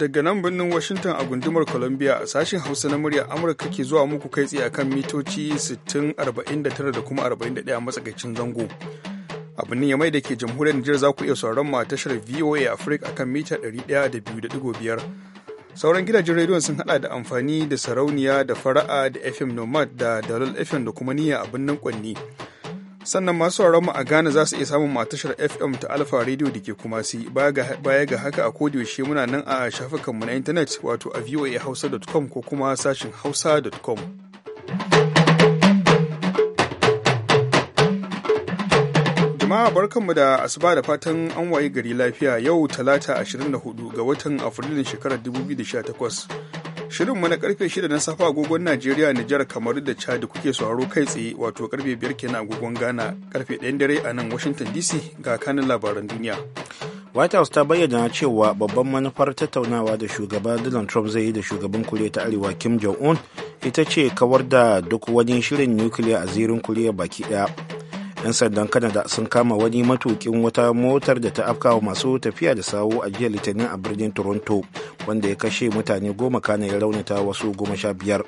daga nan birnin Washington a gundumar Columbia sashen Hausa na murya Amurka ke zuwa muku kai tsaye akan mitoci 6049 da kuma 41 a matsakaicin zango. A birnin Yamai da ke jamhuriyar Nijar za ku iya sauran mu a tashar VOA Africa akan mita 102.5. Sauran gidajen rediyon sun hada da amfani da sarauniya da fara'a da FM Nomad da Dalol FM da kuma niyya a birnin Kwanni. sannan masu mu a Ghana za su iya samun matashar FM ta Alpha Radio da ke kuma si baya ga haka a kodiyaushe muna nan a shafukanmu na intanet wato a voahausa.com ko kuma sashin hausa.com. Jama'a barkanmu da asuba da fatan an waye gari lafiya yau talata 24 ga watan Afrilun shekarar 2018. shirin na karfe 6 na safa agogon Najeriya, Nijar, kamar da Chad kuke sauraro kai tsaye wato karfe 5 kenan agogon Ghana, karfe 1 dare a nan Washington DC ga kanin labaran duniya. White House ta bayyana cewa babban manufar tattaunawa da shugaba Donald Trump zai yi da shugaban Koriya ta Arewa Kim Jong-un ita ce kawar da duk wani shirin nukiliya a zirin Koriya baki daya. 'yan sandan kanada sun kama wani matukin wata motar da ta afkawa masu tafiya da sawo a jiya litinin a birnin toronto wanda ya kashe mutane goma kana ya raunata wasu goma sha biyar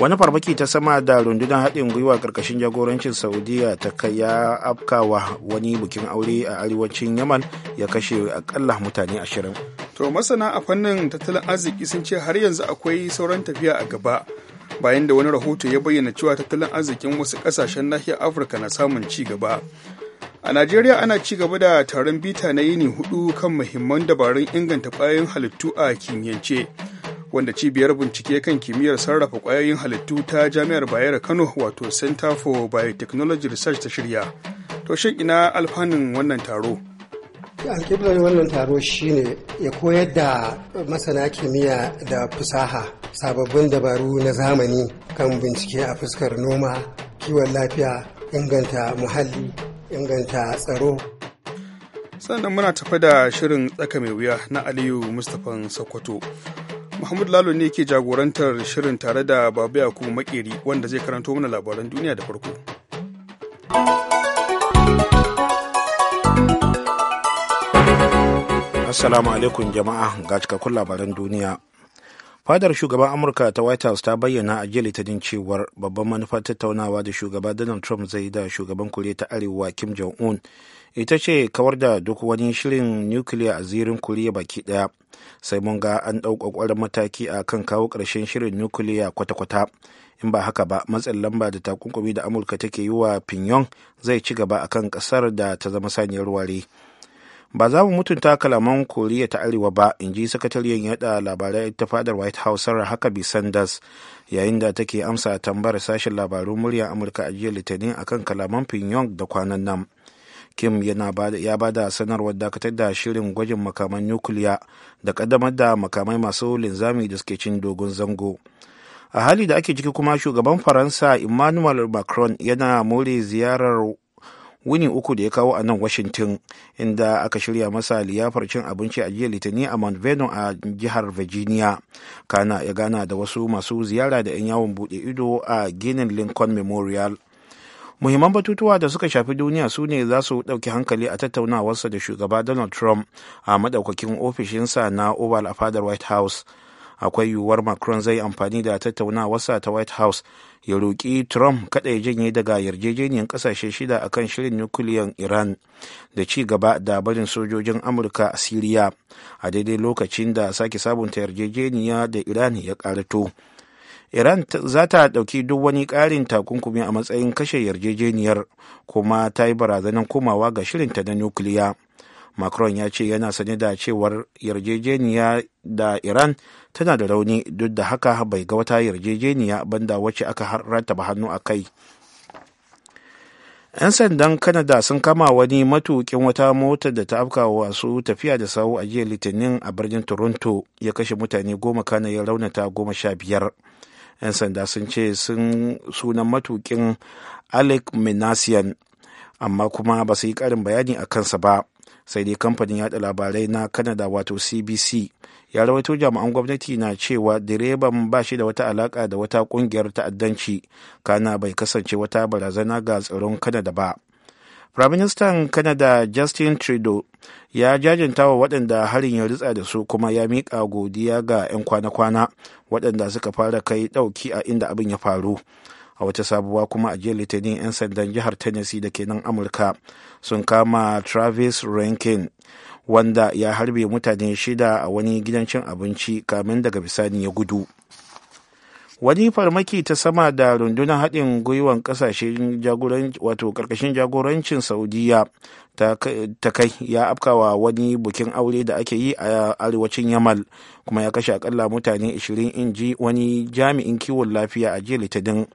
wani farmaki ta sama da rundunar haɗin gwiwa ƙarƙashin jagorancin saudiya ta kai ya afkawa wani bikin aure a arewacin yaman ya kashe akalla mutane ashirin to masana a fannin tattalin arziki sun ce har yanzu akwai sauran tafiya a gaba bayan da wani rahoto ya bayyana cewa tattalin arzikin wasu kasashen nahiyar afirka na samun ci gaba a najeriya ana ci gaba da taron bita na yini hudu kan muhimman dabarun inganta kwayoyin halittu a kimiyyance wanda cibiyar bincike kan kimiyyar sarrafa kwayoyin halittu ta jami'ar bayero kano wato center for biotechnology research ta shirya to shin ina alfanun wannan taro alƙiblar wannan taro shine ya koyar da masana kimiyya da fusaha. sababbin dabaru na zamani kan bincike a fuskar noma kiwon lafiya inganta muhalli inganta tsaro sannan muna tafi da shirin tsaka mai wuya na aliyu mustapha sokoto Muhammadu Lalo ne ke jagorantar shirin tare da Babu Yakubu Makeri wanda zai karanto mana labaran duniya da farko. Assalamu alaikum jama'a ga cikakkun labaran duniya. fadar shugaban amurka ta white house ta bayyana a jiya litinin cewar babban manufar tattaunawa da shugaba donald trump zai da shugaban koriya ta arewa kim jong-un ita ce kawar da duk wani shirin nukiliya a zirin koriya baki daya sai mun ga an ɗau ƙwaƙwarin mataki a kan kawo ƙarshen shirin nukiliya kwata-kwata in ba haka ba matsin lamba da takunkumi da amurka take yi wa pinyon zai ci gaba kan ƙasar da ta zama saniyar ware. ba za mu mutunta kalaman koriya ta arewa ba in ji sakatariyar yada labarai ta fadar white house sarah huckabee sanders yayin da take amsa tambayar sashen labarun murya amurka a jiya litinin akan kalaman pyongyang da kwanan nan kim yana ya ba da sanarwar dakatar da shirin gwajin makaman nukiliya da kaddamar da makamai masu linzami da suke cin dogon zango a hali da ake ciki kuma shugaban faransa emmanuel macron yana more ziyarar wuni uku da ya kawo a nan washington inda aka shirya masa liyafar cin abinci a jiya litinin a mount vernon a jihar virginia kana ya gana da wasu masu ziyara da 'yan yawon bude ido a ginin lincoln memorial muhimman batutuwa da suka shafi duniya su ne za su ɗauki hankali a tattaunawarsa da shugaba donald trump a madaukakin ofishinsa na oval a fadar white house akwai yiwuwar macron zai amfani da tattaunawarsa ta white house ya roƙi trump kada ya janye daga yarjejeniyar ƙasashe shida akan shirin nukiliyan iran da ci gaba da barin sojojin amurka a siriya a daidai lokacin da sake sabunta yarjejeniya da iran ya ƙarato iran za ta ɗauki duk wani ƙarin takunkumi a matsayin kashe yarjejeniyar kuma ta yi barazanar komawa ga shirinta na nukiliya macron ya ce yana sane da cewar yarjejeniya da iran tana da rauni duk da haka bai ga wata yarjejeniya banda wacce aka ba hannu a kai 'yan sandan kanada sun kama wani matukin wata mota da ta afka su tafiya da sau a jiya litinin a birnin toronto ya kashe mutane goma kana ya raunata goma sha biyar 'yan sanda sun ce sun sunan matukin alec minasian amma kuma ba su yi ƙarin bayani a kansa ba sai dai kamfanin yada labarai na canada wato cbc ya rawaito jami'an gwamnati na cewa direban ba shi da wata alaka da wata kungiyar ta'addanci kana bai kasance wata barazana ga tsaron canada ba firaministan canada justin trudeau ya jajanta wa waɗanda harin ya ritsa da su kuma ya miƙa godiya ga 'yan kwana-kwana waɗanda suka fara kai ɗauki a inda abin ya faru a wata sabuwa kuma a jiya litinin 'yan sandan jihar tennessee da ke nan amurka sun kama travis rankin wanda ya harbe mutane shida a wani gidan cin abinci kamin daga bisani ya gudu wani farmaki ta sama da rundunar haɗin gwiwan ƙasashen wato ƙarƙashin jagorancin saudiya ta kai ya afkawa wani bukin aure da ake yi a arewacin yamal kuma ya kashe akalla mutane 20 inji wani jami'in kiwon lafiya a jiya litinin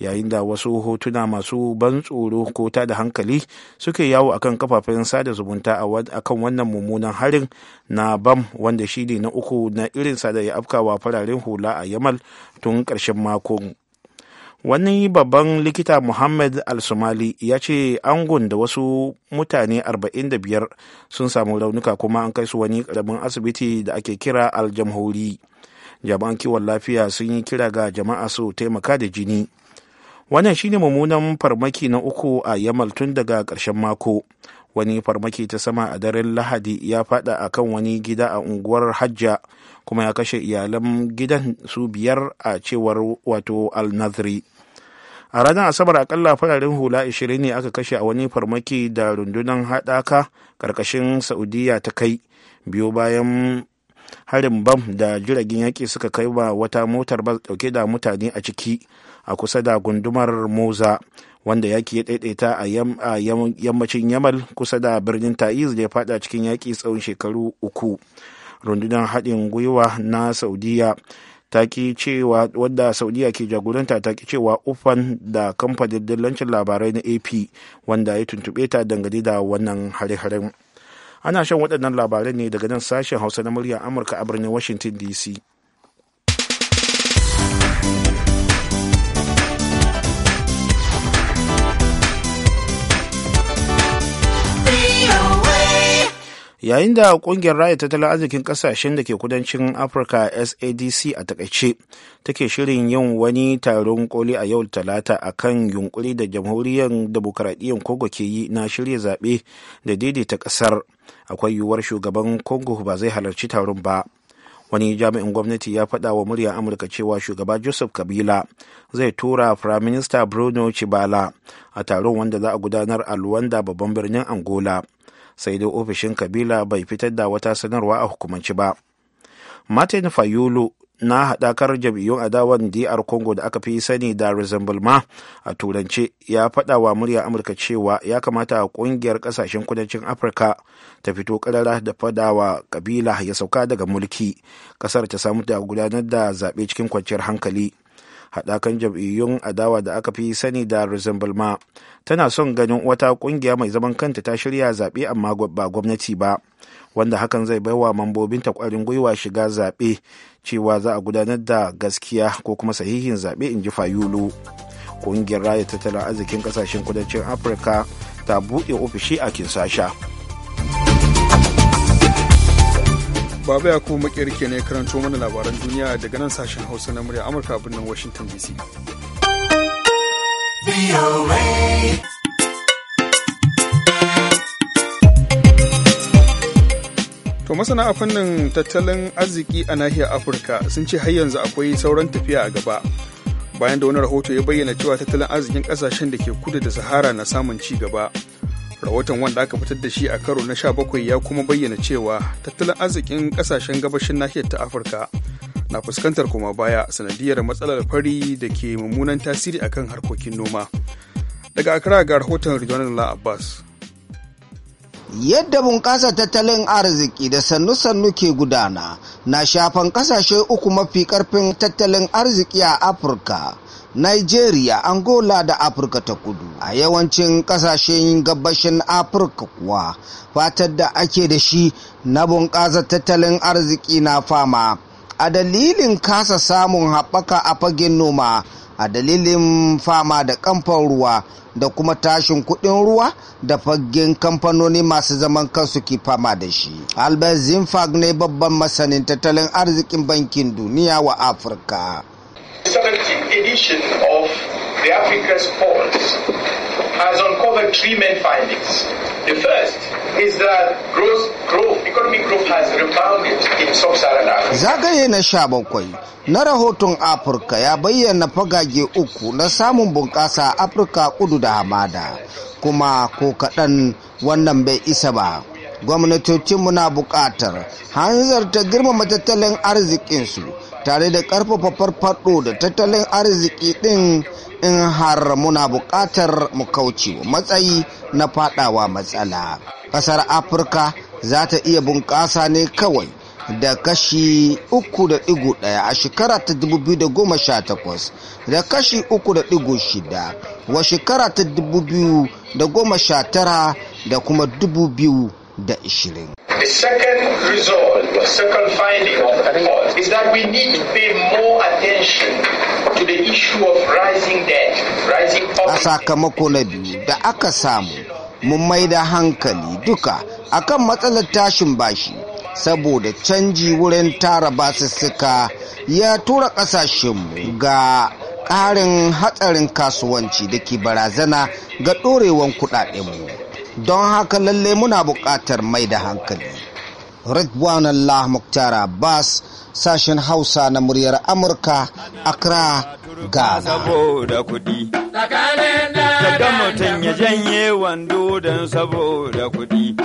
yayin da wasu hotuna masu ban tsoro ko ta da hankali suke yawo akan kafafen sada zumunta akan wannan mummunan harin na bam wanda shi ne na uku na irinsa da ya afkawa fararen hula a yamal tun karshen makon wani babban likita muhammad al-somali ya ce angon da wasu mutane 45 sun samu raunuka kuma an kai su wani karamin asibiti da ake kira aljamhuri jama'an kiwon lafiya sun yi kira ga jama'a su taimaka da jini wannan shine mummunan farmaki na uku a yamal tun daga ƙarshen mako wani farmaki ta sama a daren lahadi ya fada a kan wani gida a unguwar hajja kuma ya kashe iyalan gidan su biyar a cewar wato al-nazri a ranar asabar akalla fararen hula 20 ne aka kashe a wani farmaki da rundunar haɗaka ƙarƙashin saudiya ta kai biyo bayan harin bam da jiragen yaƙi suka kai wa wata motar bas ɗauke da mutane a ciki a kusa da gundumar moza wanda yaƙi ya ɗaiɗaita a yammacin yamal kusa da birnin ta'iz da ya faɗa cikin yaƙi tsawon shekaru uku rundunar haɗin gwiwa na saudiya ta cewa wadda saudiya ke jagoranta ta ki cewa ufan da kamfanin dillancin labarai na ap wanda ya tuntube ta dangane da wannan hare-haren ana shan waɗannan labarai ne daga nan sashen hausa na murya amurka a birnin washington dc yayin da kungiyar raya tattalin arzikin kasashen da ke kudancin afirka sadc a takaice take shirin yin wani taron koli a yau talata a kan yunkuri da jamhuriyar demokuraɗiyyar kogo ke yi na shirya zaɓe da daidaita ƙasar akwai yiwuwar shugaban kogo ba zai halarci taron ba wani jami'in gwamnati ya faɗa wa muryar amurka cewa shugaba joseph kabila zai tura firaminista bruno chibala a taron wanda za a gudanar a luwanda babban birnin angola sai dai ofishin kabila bai fitar da wata sanarwa a hukumanci ba martin fayulu na haɗakar jam'iyyun adawan dr congo da aka fi sani da resemblement a turance ya faɗa wa murya amurka cewa ya kamata a ƙungiyar ƙasashen kudancin afirka ta fito ƙarara da faɗa wa kabila ya sauka daga mulki ƙasar ta samu da gudanar da zaɓe cikin kwanciyar hankali haɗakan jam'iyyun adawa da aka fi sani da resemblema tana son ganin wata ƙungiya mai zaman kanta ta shirya zaɓe amma ba gwamnati ba wanda hakan zai bai baiwa mambobinta ƙwarin gwiwa shiga zaɓe cewa za a gudanar da gaskiya ko kuma sahihin zaɓe in ji fayulu ƙungiyar raya tattalin arzikin ƙasashen kudancin afirka ta buɗe ofishi a kinsasha. Baba ya kuma makirke ne karanto mana labaran duniya daga nan sashen Hausa na murya Amurka birnin Washington DC. To masana a fannin tattalin arziki a nahiyar Afirka sun ce har yanzu akwai sauran tafiya a gaba. Bayan da wani rahoto ya bayyana cewa tattalin arzikin kasashen da ke kudu da Sahara na samun ci gaba. rahoton wanda aka fitar da shi a karo na 17 ya kuma bayyana cewa tattalin arzikin kasashen gabashin nahiyar ta afirka na fuskantar kuma baya sanadiyar matsalar fari da ke mummunan tasiri akan harkokin noma daga akara ga rahoton ridwanullah abbas yadda bunƙasa tattalin arziki da sannu-sannu ke gudana na shafan ƙasashe uku mafi ƙarfin tattalin arziki a afirka Nigeria, Angola da Afirka ta kudu. A yawancin ƙasashen gabashin Afirka kuwa fatar da ake da shi na bunƙasa tattalin arziki na fama. A dalilin kasa samun haɓaka a fagen noma, a dalilin fama da kamfan ruwa da kuma tashin kuɗin ruwa da fagen kamfanoni masu zaman kansu ke fama da shi. Albert Zinfag ne babban masanin tattalin arzikin bankin duniya wa Afirka. edition of the Africa's Pulse has uncovered three main findings. The first is that growth, growth economic growth has rebounded in sub-Saharan Africa. Zagaye na sha bakwai na rahoton Afirka ya bayyana fagage uku na samun bunƙasa Afirka kudu da hamada, kuma ko kaɗan wannan bai isa ba. gwamnatocinmu na buƙatar hanzarta girmama tattalin arzikinsu tare da ƙarfafa farfaɗo da tattalin arziki ɗin in har muna buƙatar mu kauce matsayi na faɗawa matsala ƙasar afirka za ta iya bunƙasa ne kawai da kashi 3.1 a shekara ta 2018 da kashi 3.6 wa shekara ta 2019 da kuma 2000 da ishirin. The second result, the second finding of the report is that we need to pay more attention to the issue of rising debt, rising A sakamako na biyu da aka samu mun maida hankali duka akan matsalar tashin bashi saboda canji wurin tara basussuka ya tura kasashenmu ga ƙarin hatsarin kasuwanci da ke barazana ga ɗorewan kuɗaɗenmu. don haka lalle muna buƙatar mai da hankali ridwan allah muktar abbas sashen hausa na muryar amurka accra ghana daga mutum ya janye wando don saboda kuɗi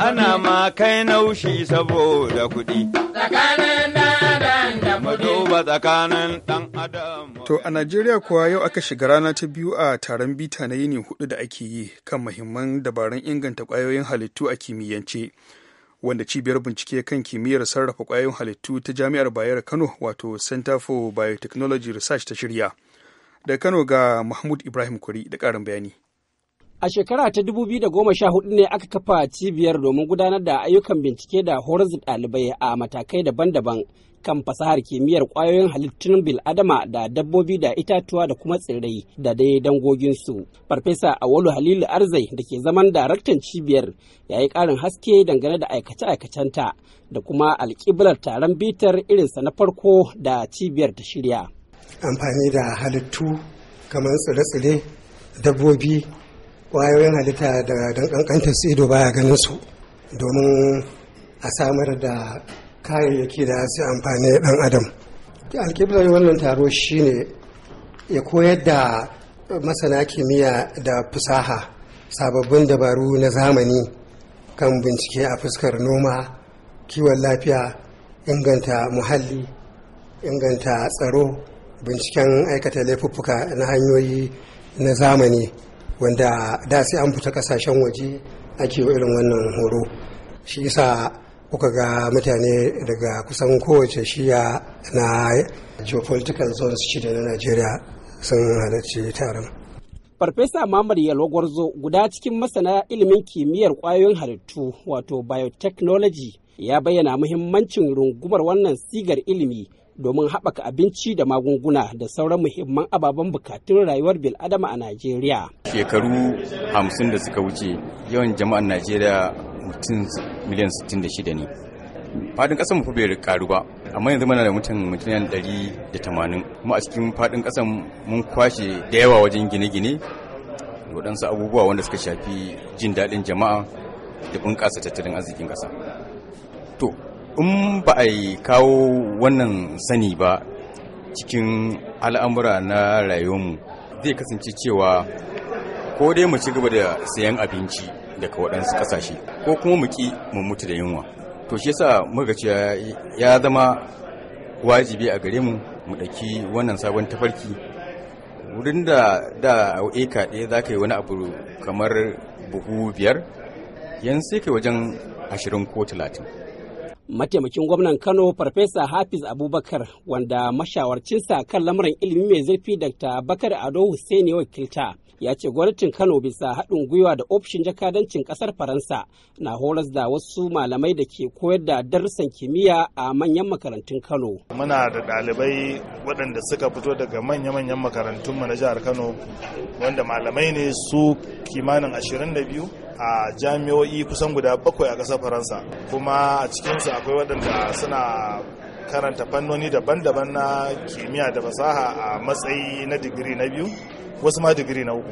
ana ma kai naushi saboda kuɗi tsakanin ɗan adam To a Najeriya kuwa yau aka shiga rana ta biyu a taron bita na yini hudu da ake yi kan mahimman dabarun inganta kwayoyin halittu a kimiyyance. Wanda cibiyar bincike kan kimiyyar sarrafa kwayoyin halittu ta Jami'ar Bayero Kano wato Center for Biotechnology Research ta shirya. Da Kano ga Mahmud Ibrahim Kuri da karin bayani. A shekara ta dubu biyu da goma sha hudu ne aka kafa cibiyar domin gudanar da ayyukan bincike da horar da ɗalibai a matakai daban-daban kan fasahar kimiyyar kwayoyin halittun bil'adama da dabbobi da itatuwa da kuma tsirrai da dai dangoginsu. Farfesa Awolu Halilu Arzai da ke zaman daraktan cibiyar ya yi ƙarin haske dangane da aikace-aikacenta da kuma alƙiblar taron bitar irinsa na farko da cibiyar ta shirya. Amfani da halittu kamar tsire-tsire, dabbobi, ƙwayoyin halitta da dankankantar su ido baya ganin su domin a samar da kayayyaki da su amfani ɗan adam alƙiblar wannan taro shine ya koyar da masana kimiyya da fusaha sababbin dabaru na zamani kan bincike a fuskar noma kiwon lafiya inganta muhalli inganta tsaro binciken aikata laifuffuka na hanyoyi na zamani wanda da sai an fita kasashen waje ake irin wannan horo shi yasa kuka ga mutane daga kusan kowace shiya na geopolitical zones shida na Najeriya sun halarci taron. Farfesa Mamar Yalwagwarzo guda cikin masana ilimin kimiyyar kwayoyin halittu wato biotechnology ya bayyana muhimmancin rungumar wannan sigar ilimi domin haɓaka abinci da magunguna da sauran muhimman ababen bukatun rayuwar bil'adama a Najeriya. Shekaru hamsin da suka wuce yawan jama'ar Najeriya mutum miliyan 66 ne fadin kasan mu bai karu ba amma yanzu mana da mutum miliyan 180 da tamanin kuma a cikin fadin kasan mun kwashe da yawa wajen gine-gine waɗansu abubuwa wanda suka shafi jin daɗin jama'a da bunƙasa tattalin arzikin ƙasa to in ba a kawo wannan sani ba cikin al'amura na rayuwarmu zai kasance cewa ko dai mu ci gaba da sayan abinci daga waɗansu ƙasashe ko kuma mu mu mutu da yunwa to shi yasa muka ce ya zama wajibi a gare mu mu ɗauki wannan sabon tafarki wurin da da eka ɗaya za ka yi wani abu kamar buhu biyar yanzu sai kai wajen ashirin ko talatin mataimakin gwamnan kano farfesa hafiz abubakar wanda mashawarcinsa kan lamarin ilimi mai zurfi dr bakar ado hussaini wakilta ya ce gwamnatin kano bisa haɗin gwiwa da ofishin jakadancin ƙasar faransa na horas da wasu malamai da ke koyar da darussan kimiyya a manyan makarantun kano muna da ɗalibai waɗanda suka fito daga manya-manyan makarantunmu na jihar kano wanda malamai ne su kimanin 22 a jami'o'i kusan guda bakwai a ƙasar faransa kuma a cikinsu akwai waɗanda suna karanta fannoni daban-daban na kimiyya da fasaha a matsayi na digiri na biyu wasu ma digiri na uku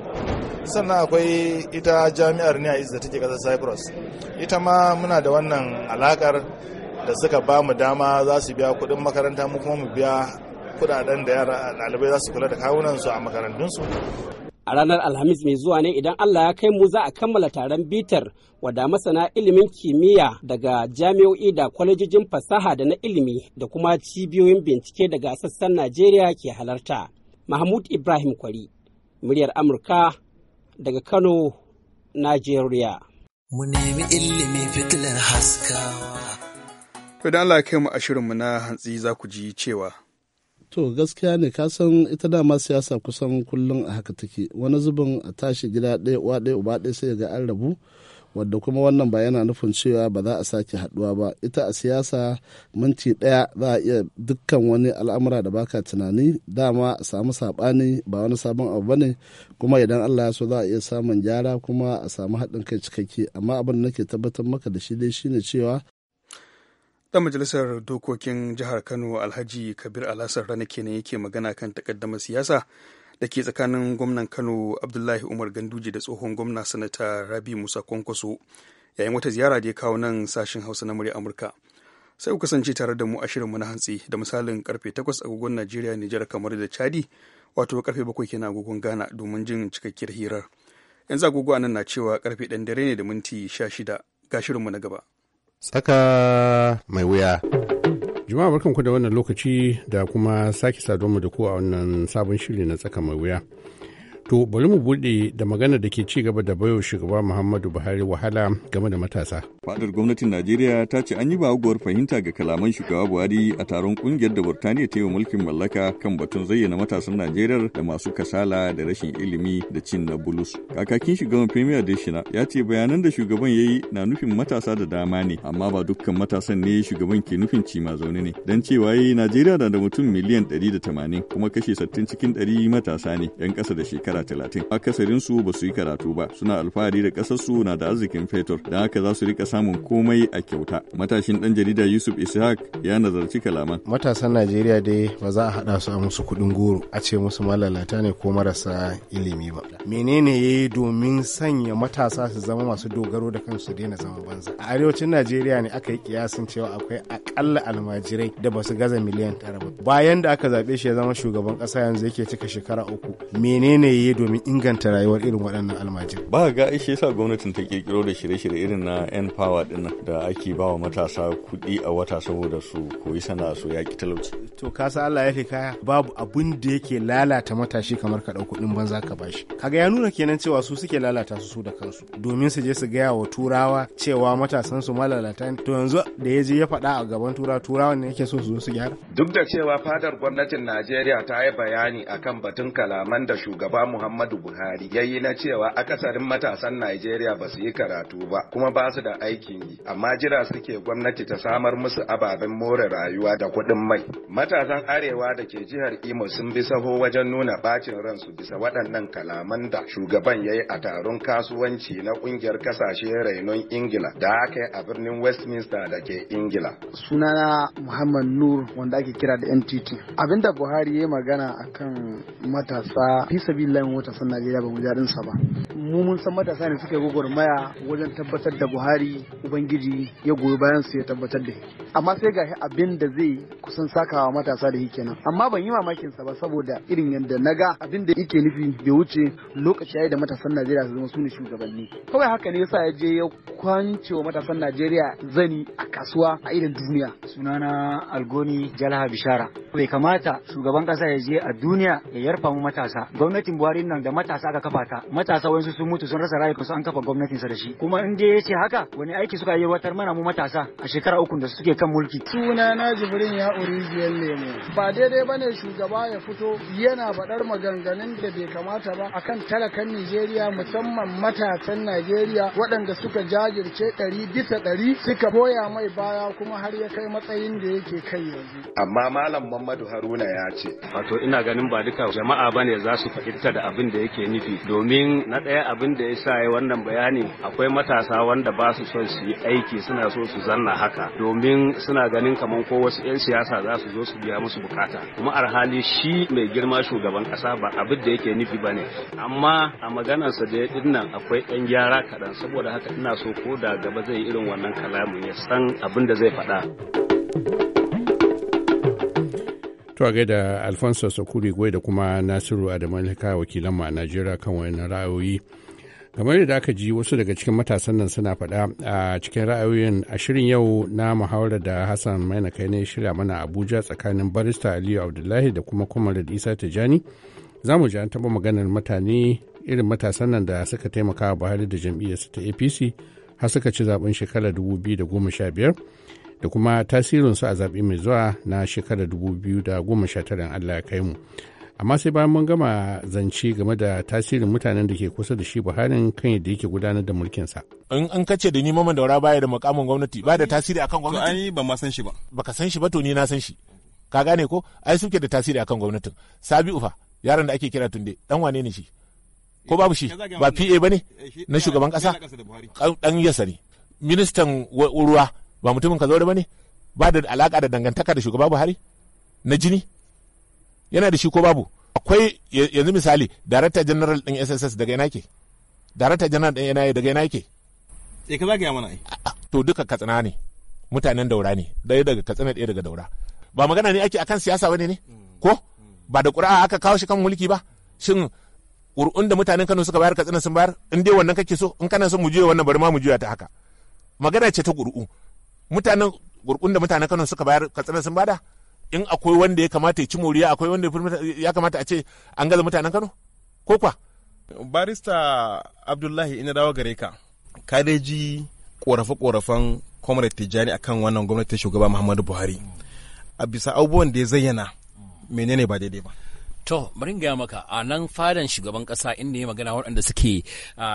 sannan akwai ita jami'ar ne da take kasar cyprus ita ma muna da wannan alakar da suka ba mu dama za su biya kuɗin makaranta mu kuma mu biya kuɗaɗen da yara ɗalibai za su kula da kawunansu a makarantunsu a ranar alhamis mai zuwa ne idan allah ya kai mu za a kammala taron bitar wada masana ilimin kimiyya daga jami'o'i da kwalejijin fasaha da na ilimi da kuma cibiyoyin bincike daga sassan najeriya ke halarta mahmud ibrahim kwari muryar amurka daga kano najeriya mu nemi ilimi fitilar haskawa idan Allah kai mu a mu na hantsi za ku ji cewa to gaskiya ne ka san ita dama siyasa kusan kullum a haka take wani zubin a tashi gida ɗaya uwa uba ɗaya sai ga an rabu wadda kuma wannan ba yana nufin cewa ba za a sake haduwa ba ita a siyasa minti daya za a iya dukkan wani al'amura da baka tunani dama a samu sabani ba wani sabon abu bane kuma idan Allah ya so za a iya samun gyara kuma a samu haɗin kai cikakke amma abin da nake tabbatar maka da shi dai shine cewa dan majalisar dokokin jihar kano alhaji kabir alhassan rana kenan yake magana kan takaddamar siyasa da ke tsakanin gwamnan kano abdullahi umar ganduje da tsohon gwamna sanata rabi musa kwankwaso yayin wata ziyara da ya kawo nan sashen hausa na murya amurka sai ku kasance tare da mu a shirinmu na hantsi da misalin karfe 8 agogon najeriya nijar kamar da chadi wato karfe 7 kenan agogon ghana domin jin cikakkiyar hirar yanzu agogo nan na cewa karfe ɗan dare ne da minti 16 ga shirinmu na gaba tsaka mai wuya Juma'a barkanku da wannan lokaci da kuma sake saduwa mu da ku a wannan sabon shiri na tsaka mai wuya. To bari mu buɗe da magana da ke ci gaba da bayo shugaba Muhammadu Buhari wahala game da matasa. Fadar gwamnatin Najeriya ta ce an yi baguwar fahimta ga kalaman shugaba Buhari a taron kungiyar da Burtaniya ta yi mulkin mallaka kan batun zayyana matasan Najeriya da masu kasala da rashin ilimi da cin na bulus. Kakakin shugaban Premier Deshina ya ce bayanan da shugaban ya yi na nufin matasa da dama ne amma ba dukkan matasan ne shugaban ke nufin cima zaune ne. don cewa yayi Najeriya na da mutum miliyan 180 kuma kashe 60 cikin 100 matasa ne 'yan ƙasa da shekara shekara talatin akasarin su ba su yi karatu ba suna alfahari da ƙasar su na da arzikin fetur don haka za su rika samun komai a kyauta matashin dan jarida Yusuf Ishaq ya nazarci kalaman matasan Najeriya dai ba za a hada su a musu kuɗin goro a ce musu malalata ne ko marasa ilimi ba menene ya yi domin sanya matasa su zama masu dogaro da kansu daina zama banza a arewacin Najeriya ne aka yi kiyasin cewa akwai akalla almajirai da ba su gaza miliyan tara ba bayan da aka zaɓe shi ya zama shugaban ƙasa yanzu yake cika shekara uku menene ya ya domin inganta rayuwar irin waɗannan almajiri. Ba ga ishe sa gwamnatin ta kirkiro da shirye-shirye irin na yan power din da ake bawa matasa kuɗi a wata saboda su koyi sana'a su yaƙi talauci. to ka san Allah ya fi kaya babu abin da yake lalata matashi kamar ka ɗau kuɗin banza ka bashi kaga ya nuna kenan cewa su suke lalata su su da kansu domin su je su gaya wa turawa cewa matasan su malalata ne to yanzu da ya je ya faɗa a gaban tura, turawa ne yake so su zo su gyara duk da cewa fadar gwamnatin Najeriya ta yi bayani akan batun kalaman da shugaba Muhammadu Buhari ya yi na cewa akasarin matasan Najeriya ba su yi karatu ba kuma ba su da aikin yi amma jira suke gwamnati ta samar musu ababen more rayuwa da kuɗin mai Matasan Arewa da ke jihar Imo sun bi saho wajen nuna bacin ransu bisa waɗannan kalaman da shugaban ya yi a taron kasuwanci na ƙungiyar kasashe rainon Ingila da aka yi a birnin Westminster da ke Ingila. Sunana Muhammad Nur wanda ake kira da NTT. Abinda Buhari ya magana a kan matasa fi sabilillahi san Najeriya ba mu jarin sa ba. Mu mun san matasa ne suke gwagwarmaya wajen tabbatar da Buhari Ubangiji ya goyi bayan su ya tabbatar da. Amma sai ga abin da zai kusan sakawa matasa da yake nan amma ban yi mamakin sa ba saboda irin yadda na ga abin da yake nufi da wuce lokaci yayi da matasan Najeriya su zama sune shugabanni kawai haka ne yasa ya je ya kwance wa matasan Najeriya zani a kasuwa a irin duniya sunana Algoni Jalha Bishara bai kamata shugaban kasa ya je a duniya ya yarfa mu matasa gwamnatin Buhari nan da matasa aka kafa ta matasa wayansu sun mutu sun rasa rayukansu an kafa gwamnatin sa da shi kuma in dai yace haka wani aiki suka yi watar mana mu matasa a shekara uku da suke kan mulki sunana Jibrin ya Uriziyalle tsare mu ba daidai bane shugaba ya fito yana faɗar maganganun da bai kamata ba akan talakan Nijeriya musamman matasan Najeriya waɗanda suka jajirce ɗari bisa ɗari suka boya mai baya kuma har ya kai matsayin da yake kai yanzu. Amma Malam Muhammadu Haruna ya ce. Wato ina ganin ba duka jama'a ba ne za su fahimta da abin da yake nufi domin na ɗaya abin da ya sa ya wannan bayani akwai matasa wanda ba su son su yi aiki suna so su zanna haka domin suna ganin kamar ko wasu 'yan siyasa za su zo su su biya musu bukata kuma arhali shi mai girma shugaban kasa ba abin da yake nufi ba ne amma a maganarsa da ya dinnan akwai ɗan gyara kaɗan saboda haka ina so ko da gaba zai irin wannan kalamin ya san abin da zai faɗa. To a gaida Alfonso Sokuri Gwai da kuma Nasiru wakilan mu a Najeriya kan wani ra'ayoyi. kamar yadda aka ji wasu daga cikin matasan nan suna faɗa a cikin ra'ayoyin a shirin yau na muhawarar da hassan maina kai ne shirya mana abuja tsakanin barista aliyu abdullahi da kuma kwamarar isa tijani za mu ji an taɓa maganar mutane irin matasan nan da suka taimaka buhari da jam'iyyarsa ta apc har suka ci zaben shekarar 2015 da kuma tasirinsu a zaɓe mai zuwa na shekara da goma shekarar 2019 allah ya kai mu amma sai bayan mun gama zance game da tasirin mutanen da ke kusa da shi buhari kan yadda yake gudanar da mulkinsa. in an kace da ni maman daura baya da makamin gwamnati ba da tasiri akan gwamnati to ai ba ma san shi ba baka san shi ba to ni na san shi ka gane ko ai suke da tasiri akan gwamnatin sabi ufa yaron da ake kira tunde dan wane ne shi ko babu shi ba pa bane eh, na shugaban kasa dan yasari. ministan ruwa ba mutumin kazaure bane ba da alaka da dangantaka da shugaba buhari na jini yana da shi ko babu akwai yanzu misali darakta general din sss daga ina ke darakta general din yana daga ina ke eh ga ya mana ai to duka katsina ne mutanen daura ne dai daga katsina ɗaya daga daura ba magana ne ake akan siyasa wani ne ko ba da ƙura'a aka kawo shi kan mulki ba shin ƙuri'un da mutanen Kano suka bayar katsina sun bayar in dai wannan kake so in kana so mu juya wannan bari ma mu juya ta haka magana ce ta ƙuri'u mutanen ƙuri'un da mutanen Kano suka bayar katsina sun bada in akwai wanda ya kamata ya ci moriya akwai wanda ya kamata a ce an gaza mutanen kano ko kwa barista abdullahi ina dawo gare ka ka dai ji korafe-korafen comrade tijjani akan wannan gwamnati shugaba muhammadu buhari a bisa abubuwan da ya zayyana menene ba daidai ba To, bari gaya maka a nan fadan shugaban kasa inda ya magana waɗanda suke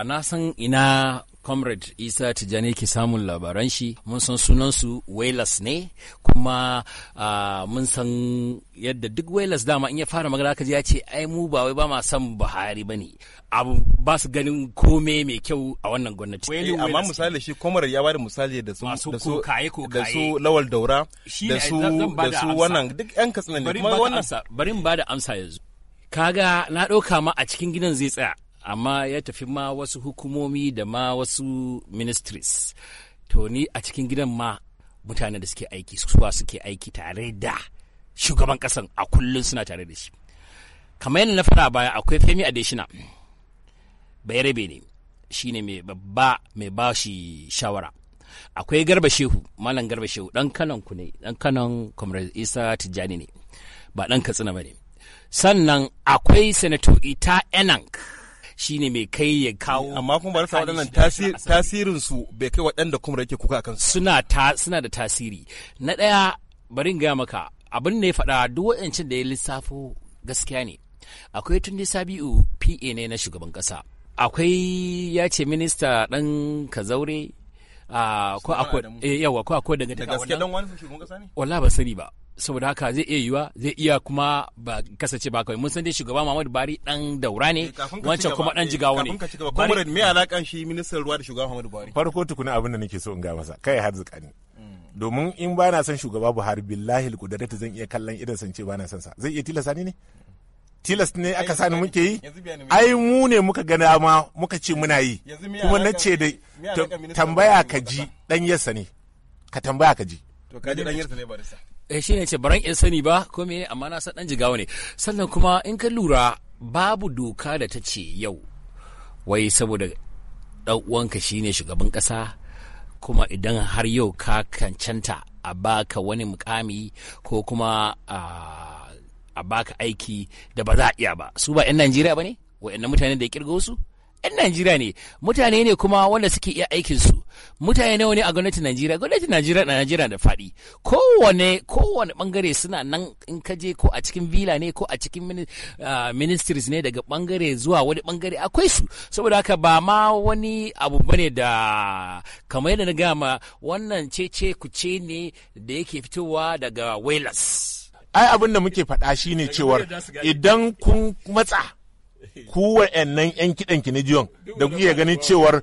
na san ina comrade isa tijani ke samun labaran shi mun san sunansu wailas ne kuma ah, mun san yadda duk wailas dama in ya fara magana ji ya ce ai mu ba wai ba ma san buhari ba ne abu ba su ganin kome mai kyau a wannan gwamnati eh, amma misali shi comrade ya bada misali da su da su da su lawal daura da su da su wannan duk yan katsina ne kuma wannan bari in bada amsa yanzu kaga na ɗauka ma a cikin gidan zai tsaya amma ya tafi ma wasu hukumomi da ma wasu ministries to ni a cikin gidan ma mutane da suke aiki suwa suke aiki tare da shugaban kasan a kullum suna tare da shi kamar yadda na fara baya akwai femi adeshina bayarabe ne shi ne mai babba mai ba shi shawara akwai garba shehu malam garba shehu dan kanan ku ne dan kanan comrade isa tijjani ne ba dan katsina ba ne sannan akwai senator ita enank shine mai kai ya kawo amma kuma ba rasa waɗannan tasirin su bai kai waɗanda kuma yake kuka kan suna ta suna da tasiri na ɗaya bari in gaya maka abin da ya faɗa duk waɗancan da ya lissafo gaskiya ne akwai tun da sabiu pa ne na shugaban ƙasa akwai ya ce minista ɗan kazaure ah, ko akwai eh, yawa ko akwai daga daga gaske dan wani shugaban ƙasa ne wala ba sani ba saboda haka zai iya yiwa zai iya kuma ba kasance ba kawai mun san dai shugaba Muhammadu Buhari dan daura ne eh, wancan kuma dan eh, jigawa ne comrade me alakan shi ministan ruwa da shugaba Muhammadu Buhari farko tukuna abin da nake so in ga masa kai har ne. Mm. domin in ba na son shugaba Buhari billahi alqudrata zan iya kallon idan san ce ba na son sa zai iya tilasa ni ne tilas ne aka sani muke yi ai mu ne muka gana ma muka ce muna yi kuma na ce da tambaya ka ji dan yarsa ne ka tambaya ka ji to ka ji dan ne eh shi ne ce baran in sani ba ko me amma na san dan jigawa ne sannan kuma in ka lura babu doka da ta ce yau wai saboda dan uwanka shine shugaban kasa kuma idan har yau ka cancanta a baka wani mukami ko kuma a baka aiki da ba za a iya ba su ba 'yan najeriya ba ne wa'annan mutane da ya kirgo su 'yan Najeriya ne mutane ne kuma wanda suke iya aikin su mutane nawa ne a gwamnatin Najeriya gwamnatin Najeriya na Najeriya da faɗi kowane kowane bangare suna nan in ka je ko a cikin villa ne ko a cikin ah, ministries ne daga bangare zuwa wani bangare akwai su saboda haka ba ma wani abu bane da kamar yadda na gama wannan cece kuce ne da yake fitowa daga Wales ai abin da muke faɗa shine cewar idan kun matsa ku wa'annan 'yan kiɗan ki na jiyon da kuke ganin cewar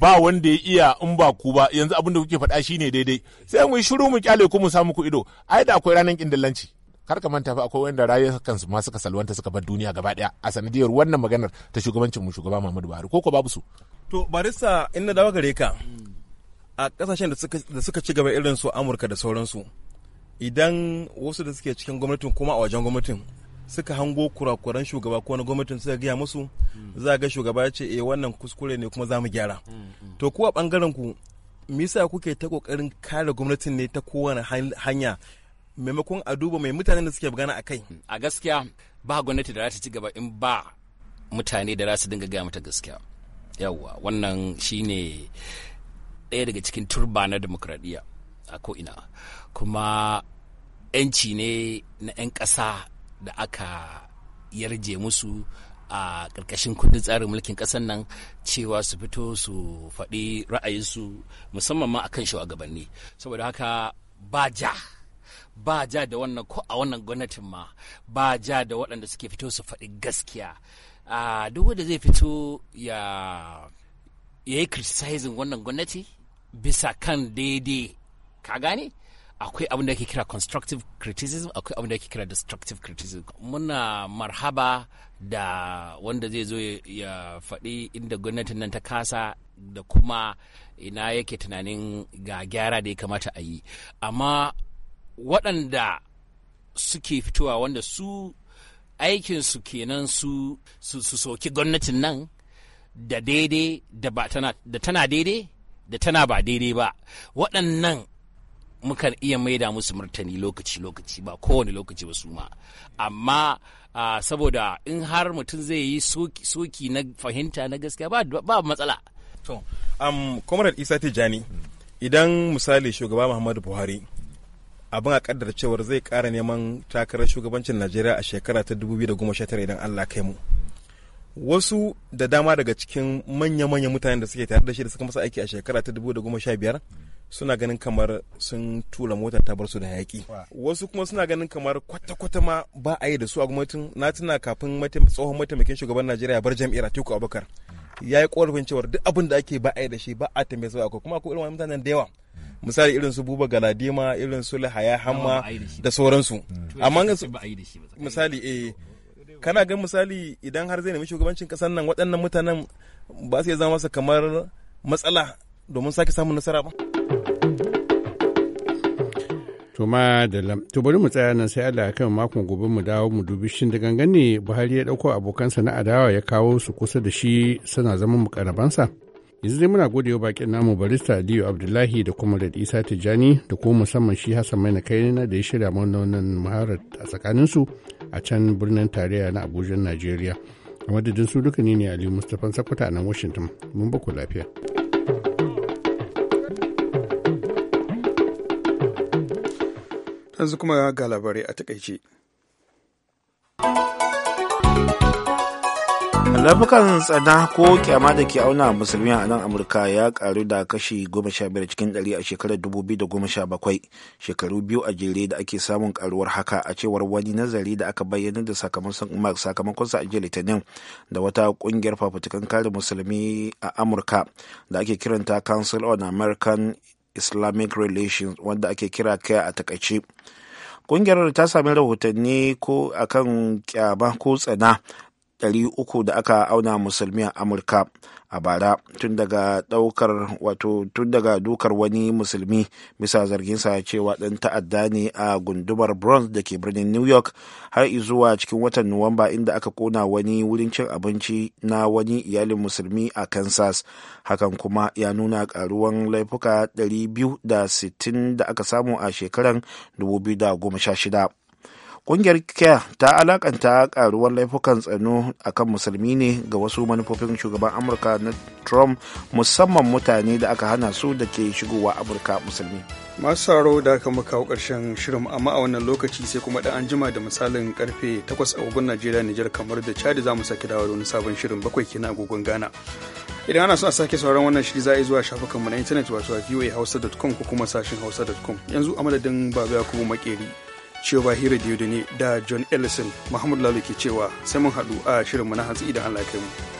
ba wanda ya iya in ba ku ba yanzu abin da kuke faɗa shine daidai sai mu shiru mu kyale ku mu samu ku ido ai da akwai ranar kindillanci kar ka manta fa akwai wanda rayuwar kansu ma suka salwanta suka bar duniya gaba ɗaya a sanadiyar wannan maganar ta shugabancin mu shugaba Muhammadu Buhari ko ko babu su to barista in na dawo gare ka a kasashen da suka ci gaba irin su Amurka da sauransu idan wasu da suke cikin gwamnatin kuma a wajen gwamnatin suka hango kurakuran shugaba ko na gwamnatin suka gaya musu za ga shugaba ya ce eh wannan kuskure ne kuma za mu gyara mm, mm. to ko a bangaren ku me yasa kuke ta kokarin kare gwamnatin ne ta kowane hanya maimakon a duba mai mutanen da suke bugana a kai a gaskiya ba gwamnati da za ta ci gaba in ba mutane da za su dinga gaya mata gaskiya yawwa wannan shine ɗaya daga cikin turba na demokradiyya a ko ina kuma 'yanci ne na 'yan ƙasa da aka yarje musu a ƙarƙashin kundin tsarin mulkin ƙasar nan cewa su fito su faɗi ra'ayinsu musamman ma akan shugabanni saboda haka ba ja ba ja da wannan ko a wannan gwamnatin ma ba ja da waɗanda suke fito su faɗi gaskiya duk wanda zai fito ya yi criticizing wannan gwamnati bisa kan daidai ka gane akwai abin da ake kira constructive criticism akwai abin da ake kira destructive criticism muna marhaba da wanda zai zo ya faɗi inda gwamnatin nan ta kasa da kuma ina yake tunanin ga gyara da ya kamata a yi amma waɗanda suke fitowa wanda su aikinsu kenan su su soki gwamnatin nan da daidai da tana daidai da tana ba daidai ba waɗannan mukan iya maida musu martani lokaci-lokaci ba kowane lokaci ba su ma amma saboda in har mutum zai yi soki na fahimta na gaskiya ba matsala to um, isa tijani idan misali shugaba muhammadu buhari abin a kaddara cewar zai kara neman takarar shugabancin najeriya a shekara ta 2019 idan allah kai mu wasu da dama daga cikin manya-manyan mutanen da suke tare da shi da suka masa aiki a shekara ta 2015 suna ganin kamar sun tura motar ta bar su da hayaki wasu kuma suna ganin kamar kwata-kwata ma ba a yi da su a gwamnatin na tuna kafin tsohon mataimakin shugaban najeriya bar jam'iyyar atiku abubakar ya yi ƙorafin cewar duk abin da ake ba a yi da shi ba a tambaye su akwai kuma akwai irin mutanen da yawa misali irin su buba galadima irin su lahaya hamma da sauransu amma misali eh kana gan misali idan har zai nemi shugabancin kasar nan waɗannan mutanen ba su iya zama masa kamar matsala domin sake samun nasara ba. To da lam, to bari mu tsaya nan sai Allah kan makon gobe mu dawo mu dubi shin da gangan gangane Buhari ya dauko abokansa na adawa ya kawo su kusa da shi suna zama mukarabansa. Yanzu dai muna gode wa bakin namu barista Aliyu Abdullahi da kuma da Isa Tijani da kuma musamman shi Hassan kai na da ya shirya mana wannan muharar a tsakanin su a can birnin tarayya na Abuja Najeriya. A madadin su duka ne ne Aliyu Mustapha Sakwata a nan Washington. Mun ba lafiya. yanzu kuma ga labarai a takaice lafukan tsana ko kyama da ke auna musulmi a nan amurka ya karu da kashi 15 cikin 100 a shekarar 2017 shekaru biyu a jere da ake samun karuwar haka a cewar wani nazari da aka bayyana da sakamakon a jiya litinin da wata kungiyar fafutukan kare musulmi a amurka da ake kiranta council on american islamic relations wanda ake kira kaya a takaice ƙungiyar ta sami rahotanni ko akan kyama ko tsana 300 da aka auna musulmi a amurka a bara tun daga daukar wato tun daga dukar wani musulmi bisa zarginsa cewa ɗan ta'adda ne a gundumar bronx da ke birnin new york har zuwa cikin watan nuwamba inda aka kona wani wurin cin abinci na wani iyalin musulmi a kansas hakan kuma ya nuna karuwan laifuka 260 da aka samu a shekarar 2016 ƙungiyar care ta alakanta karuwar laifukan tsano akan musulmi ne ga wasu manufofin shugaban amurka na trump musamman mutane da aka hana su da ke shigowa amurka musulmi masu sauraro da aka muka kawo karshen shirin amma a wannan lokaci sai kuma da anjima da misalin karfe 8 ogun najeriya nijar kamar da chad za mu sake dawo da wani sabon shirin bakwai na agogon ghana idan ana so sake sauran wannan shiri za a yi zuwa shafukanmu na intanet wato a voahausa.com ko kuma sashin hausa.com yanzu a madadin babu yakubu makeri cewa hira diodone da john ellison muhammadu lalu ke cewa sai mun haɗu a shirinmu na hantsi idan allah kai mu.